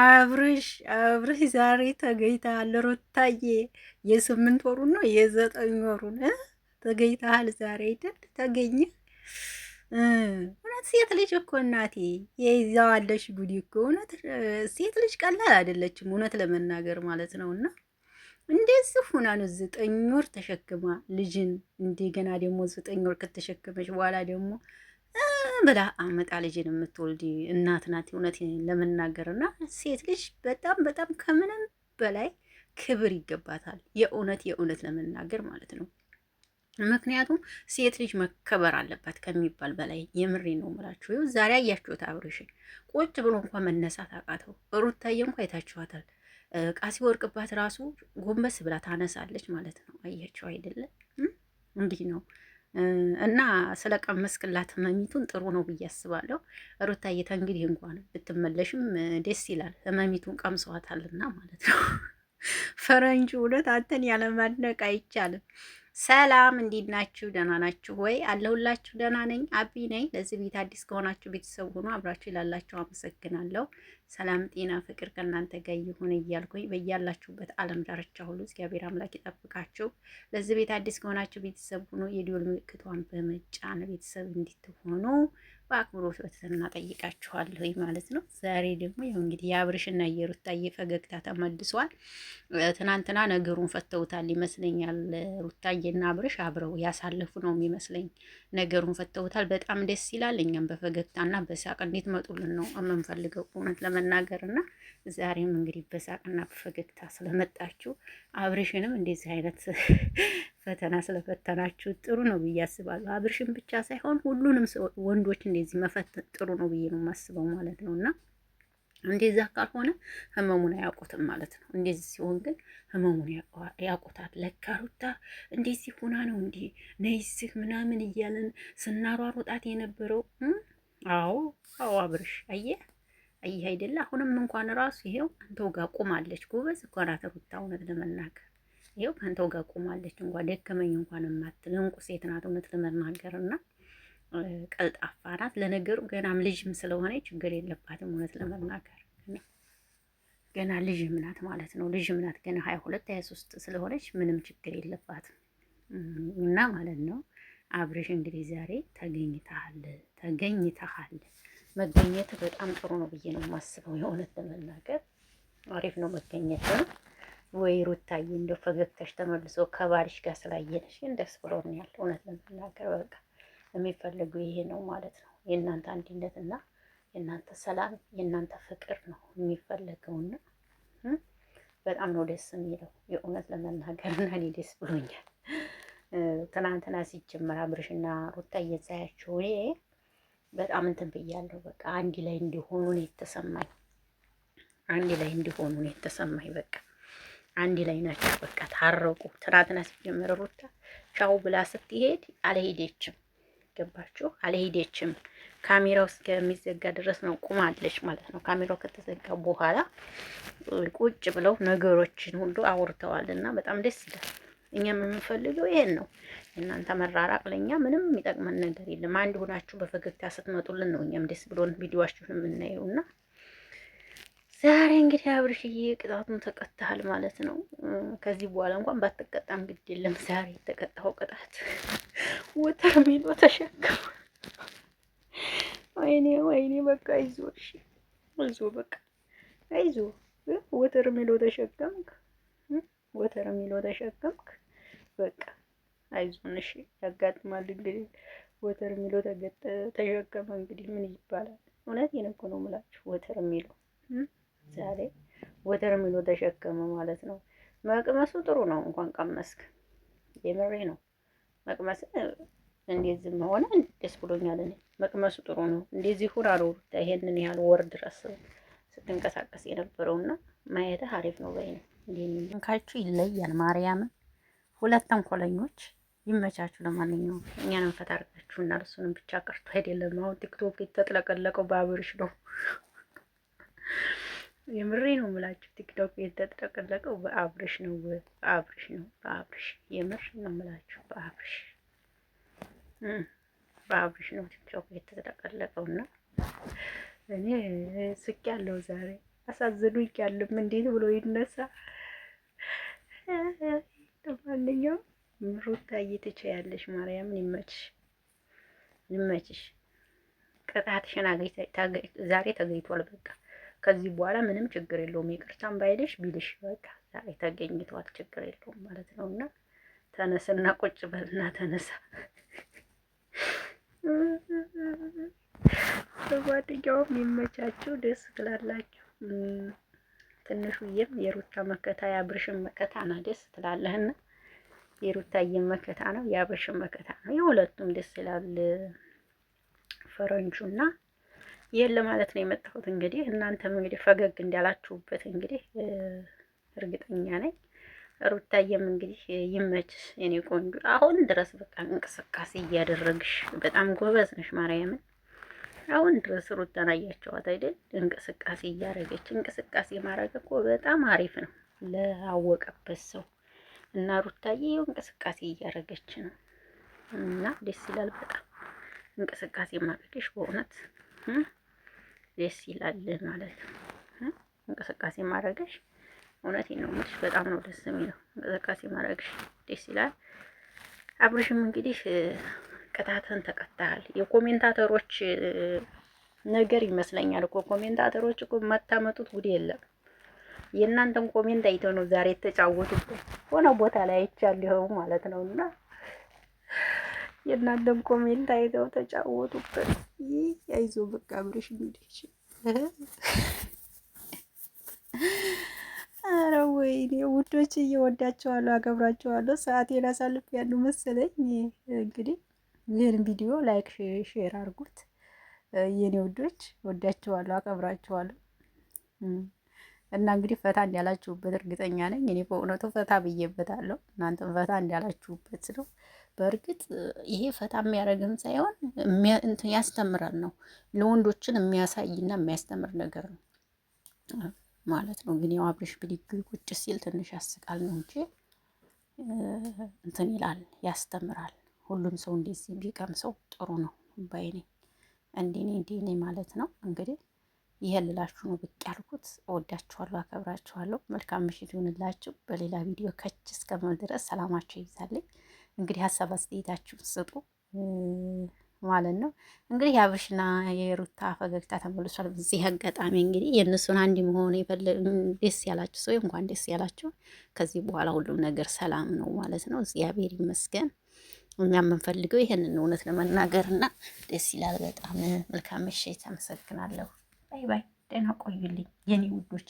አብርሽ አብርሽ ዛሬ ተገኝተሃል። ሩታዬ የስምንት ወሩን ነው የዘጠኝ ወሩን ተገኝተሃል። ዛሬ አይደል ተገኘ። እውነት ሴት ልጅ እኮ እናቴ የይዛዋለሽ ጉድ እኮ እውነት ሴት ልጅ ቀላል አይደለችም፣ እውነት ለመናገር ማለት ነው። እና እንደዚህ ሁና ነው ዘጠኝ ወር ተሸክማ ልጅን እንደገና ደግሞ ዘጠኝ ወር ከተሸከመች በኋላ ደግሞ ብላ አመጣ ልጅን የምትወልድ እናት ናት። እውነት ለመናገር እና ሴት ልጅ በጣም በጣም ከምንም በላይ ክብር ይገባታል። የእውነት የእውነት ለመናገር ማለት ነው። ምክንያቱም ሴት ልጅ መከበር አለባት ከሚባል በላይ የምሬ ነው ምላችሁ። ይኸው ዛሬ አያችሁት አብርሽን ቁጭ ብሎ እንኳ መነሳት አቃተው። ሩታዬ እንኳ አይታችኋታል። እቃ ሲወርቅባት ራሱ ጎንበስ ብላ ታነሳለች ማለት ነው። አያችሁ አይደለም? እንዲህ ነው እና ስለ ቀመስክላት ህመሚቱን ጥሩ ነው ብዬ አስባለሁ። ሩታዬ እንግዲህ እንኳን ብትመለሽም ደስ ይላል። ህመሚቱን ቀምሰዋታልና ማለት ነው። ፈረንጁ እውነት አንተን ያለማድነቅ አይቻልም። ሰላም እንዴት ናችሁ? ደህና ናችሁ ወይ? አለሁላችሁ። ደህና ነኝ፣ አቢ ነኝ። ለዚህ ቤት አዲስ ከሆናችሁ ቤተሰብ ሆኖ አብራችሁ ላላችሁ አመሰግናለሁ። ሰላም ጤና፣ ፍቅር ከእናንተ ጋር ይሁን እያልኩኝ በያላችሁበት ዓለም ዳርቻ ሁሉ እግዚአብሔር አምላክ ይጠብቃችሁ። ለዚህ ቤት አዲስ ከሆናችሁ ቤተሰብ ሆኖ የዲዮል ምልክቷን በመጫን ቤተሰብ እንድትሆኑ በአክብሮት በትህትና ጠይቃችኋለሁ ማለት ነው። ዛሬ ደግሞ ያው እንግዲህ የአብርሽና የሩታዬ ፈገግታ ተመልሷል። ትናንትና ነገሩን ፈተውታል ይመስለኛል። ሩታዬና አብርሽ አብረው ያሳለፉ ነው የሚመስለኝ። ነገሩን ፈተውታል። በጣም ደስ ይላል። እኛም በፈገግታና በሳቅ እንዴት መጡልን ነው የምንፈልገው እውነት ለመናገር እና ዛሬም እንግዲህ በሳቅና በፈገግታ ስለመጣችሁ አብርሽንም እንደዚህ አይነት ፈተና ስለፈተናችሁ ጥሩ ነው ብዬ አስባለሁ። አብርሽን ብቻ ሳይሆን ሁሉንም ወንዶች እንደዚህ መፈተን ጥሩ ነው ብዬ ነው የማስበው ማለት ነው እና እንደዛ ካልሆነ ህመሙን አያውቁትም ማለት ነው። እንደዚህ ሲሆን ግን ህመሙን ያውቁታል። ለካ ሩታ እንደዚህ ሆና ነው እንዲህ ነይስህ ምናምን እያለን ስናሯሩጣት የነበረው። አዎ አዎ፣ አብርሽ አየህ አየህ አይደለ? አሁንም እንኳን ራሱ ይሄው አንተው ጋር ቁማለች። ጎበዝ እኮ ናት ሩታ እውነት ለመናገር ይኸው ከአንተው ጋር ቆማለች እንኳ ደከመኝ እንኳን የማትል እንቁ ሴት ናት። እውነት ለመናገር እና ቀልጣፋ ናት። ለነገሩ ገናም ልጅም ስለሆነ ችግር የለባትም። እውነት ለመናገር ገና ልጅም ናት ማለት ነው። ልጅም ናት ገና ሀያ ሁለት ሀያ ሶስት ስለሆነች ምንም ችግር የለባትም እና ማለት ነው። አብርሽ እንግዲህ ዛሬ ተገኝተሃል ተገኝተሃል። መገኘት በጣም ጥሩ ነው ብዬ ነው የማስበው። የእውነት ለመናገር አሪፍ ነው መገኘት ነው። ወይ ሩታዬ፣ እንደው ፈገግታሽ ተመልሶ ከባልሽ ጋር ስላየነሽ ግን ደስ ብሎኛል። እውነት ለመናገር በቃ የሚፈለገው ይሄ ነው ማለት ነው። የእናንተ አንድነት እና የእናንተ ሰላም የእናንተ ፍቅር ነው የሚፈለገውና በጣም ነው ደስ የሚለው የእውነት ለመናገር እና እኔ ደስ ብሎኛል። ትናንትና ሲጀመር አብርሽና ሩታ እየጻያቸው እኔ በጣም እንትን ብያለሁ። በቃ አንድ ላይ እንዲሆኑ ነው የተሰማኝ። አንድ ላይ እንዲሆኑ ነው የተሰማኝ በቃ አንድ ላይ ናቸው። በቃ ታረቁ። ትናንትና ሲጀመረ ሩታ ቻው ብላ ስትሄድ አልሄደችም። ገባችሁ? አልሄደችም። ካሜራው እስከሚዘጋ ድረስ ነው ቁማለች ማለት ነው። ካሜራው ከተዘጋ በኋላ ቁጭ ብለው ነገሮችን ሁሉ አውርተዋል እና በጣም ደስ ይላል። እኛም የምንፈልገው ይሄን ነው። እናንተ መራራቅ ለእኛ ምንም የሚጠቅመን ነገር የለም። አንድ ሆናችሁ በፈገግታ ስትመጡልን ነው እኛም ደስ ብሎን ቪዲዮችሁን የምናየውና ዛሬ እንግዲህ አብርሽዬ ቅጣቱን ተቀጥተሃል ማለት ነው። ከዚህ በኋላ እንኳን ባትቀጣም ግድ የለም። ዛሬ የተቀጣኸው ቅጣት ወተር ሚሎ ተሸክም። ወይኔ ወይኔ፣ በቃ ይዞ እሺ፣ ይዞ በቃ አይዞ። ወተር ሚሎ ተሸከምክ፣ ወተር ሚሎ ተሸከምክ። በቃ አይዞን፣ እሺ፣ ያጋጥማል እንግዲህ። ወተር ሚሎ ተሸከመ እንግዲህ ምን ይባላል? እውነት የነኮ ነው የምላችሁ ወተር ሚሎ ዛሬ ወደር ሚሎ ተሸከመ ማለት ነው። መቅመሱ ጥሩ ነው። እንኳን ቀመስክ። የምሬ ነው። መቅመስ እንዴት ዝም ሆነ? ደስ ብሎኛል እኔ። መቅመሱ ጥሩ ነው። እንደዚህ ሁን አሉ ይሄንን ያህል ወር ድረስ ስትንቀሳቀስ የነበረውና ማየትህ አሪፍ ነው። በይ ነው እንካችሁ ይለያል። ማርያምን ሁለት ተንኮለኞች ይመቻችሁ። ለማንኛውም እኛንም ፈታ አድርጋችሁ እና እሱንም ብቻ ቀርቶ አይደለም አሁን ቲክቶክ የተጥለቀለቀው ባብርሽ ነው። የምሬ ነው የምላችሁ። ቲክቶክ የተጠቀለቀው በአብርሽ ነው፣ በአብርሽ ነው፣ በአብርሽ የምር ነው የምላችሁ። በአብርሽ በአብርሽ ነው ቲክቶክ የተጠቀለቀው እና እኔ ስቅ ያለው ዛሬ አሳዘኑ ይቃልም እንዴት ብሎ ይነሳ። ለማንኛውም ምሩታዬ ትችያለሽ፣ ማርያምን ይመችሽ፣ ይመችሽ። ቅጣትሽን ዛሬ ተገኝቷል በቃ ከዚህ በኋላ ምንም ችግር የለውም። ይቅርታም ባይልሽ ቢልሽ በቃ ዛሬ ተገኝተዋል፣ ችግር የለውም ማለት ነው። እና ተነስና ቁጭ በልና ተነሳ በጓደኛውም ይመቻችሁ፣ ደስ ትላላችሁ። ትንሹዬም የሩታ መከታ የአብርሽን መከታ ነው። ደስ ትላለህና የሩታዬን መከታ ነው፣ የአብርሽን መከታ ነው። የሁለቱም ደስ ይላል። ፈረንጁና የለ ማለት ነው የመጣሁት። እንግዲህ እናንተም እንግዲህ ፈገግ እንዳላችሁበት እንግዲህ እርግጠኛ ነኝ። ሩታየም እንግዲህ ይመች የኔ ቆንጆ፣ አሁን ድረስ በቃ እንቅስቃሴ እያደረግሽ በጣም ጎበዝ ነሽ። ማርያምን አሁን ድረስ ሩታን አያቸዋት አይደል? እንቅስቃሴ እያደረገች እንቅስቃሴ ማድረግ እኮ በጣም አሪፍ ነው ለአወቀበት ሰው እና ሩታዬ እንቅስቃሴ እያደረገች ነው እና ደስ ይላል በጣም እንቅስቃሴ ማድረግሽ በእውነት ደስ ይላል ማለት ነው። እንቅስቃሴ ማድረግሽ እውነቴን ነው የምልሽ፣ በጣም ነው ደስ የሚለው እንቅስቃሴ ማድረግሽ ደስ ይላል። አብርሽም እንግዲህ ቅጣትን ተቀታል የኮሜንታተሮች ነገር ይመስለኛል እኮ ኮሜንታተሮች እኮ የማታመጡት ጉድ የለም። የእናንተን ኮሜንት አይተው ነው ዛሬ የተጫወቱበት። ሆነ ቦታ ላይ አይቻለሁ ማለት እና የእናንተም ኮሜንት አይተው ተጫወቱበት። ይህ ያይዞ በቃ አብርሽ ሚዲች አረ ወይኔ ውዶች እየወዳቸዋለሁ፣ አገብራቸዋለሁ። ሰዓቴን አሳልፍ ያሉ መሰለኝ። እንግዲህ ይህን ቪዲዮ ላይክ፣ ሼር አድርጉት። የኔ ውዶች ወዳቸዋለሁ፣ አገብራቸዋለሁ። እና እንግዲህ ፈታ እንዳላችሁበት እርግጠኛ ነኝ። እኔ በእውነቱ ፈታ ብዬበታለሁ። እናንተም ፈታ እንዳላችሁበት ነው። በእርግጥ ይሄ ፈታ የሚያደረግን ሳይሆን እንትን ያስተምራል ነው ለወንዶችን የሚያሳይና የሚያስተምር ነገር ነው ማለት ነው። ግን ያው አብሬሽ ብድግ ቁጭ ሲል ትንሽ ያስቃል ነው እንጂ እንትን ይላል ያስተምራል። ሁሉም ሰው እንደዚህ ቢቀምሰው ጥሩ ነው ባይኔ እንዴኔ እንዴኔ ማለት ነው እንግዲህ ይሄ ልላችሁ ነው ብቅ ያልኩት። እወዳችኋለሁ፣ አከብራችኋለሁ። መልካም ምሽት ይሁንላችሁ። በሌላ ቪዲዮ ከች እስከምል ድረስ ሰላማችሁ ይብዛልኝ። እንግዲህ ሀሳብ አስተያየታችሁን ስጡ ማለት ነው። እንግዲህ የአብርሽና የሩታ ፈገግታ ተመልሷል። በዚህ አጋጣሚ እንግዲህ የእነሱን አንድ መሆን ደስ ያላችሁ ሰው እንኳን ደስ ያላችሁ። ከዚህ በኋላ ሁሉም ነገር ሰላም ነው ማለት ነው። እግዚአብሔር ይመስገን። እኛ የምንፈልገው ይህንን እውነት ለመናገር እና ደስ ይላል። በጣም መልካም ምሽት። አመሰግናለሁ። ባይ ባይ። ደህና ቆዩልኝ የኔ ውዶች።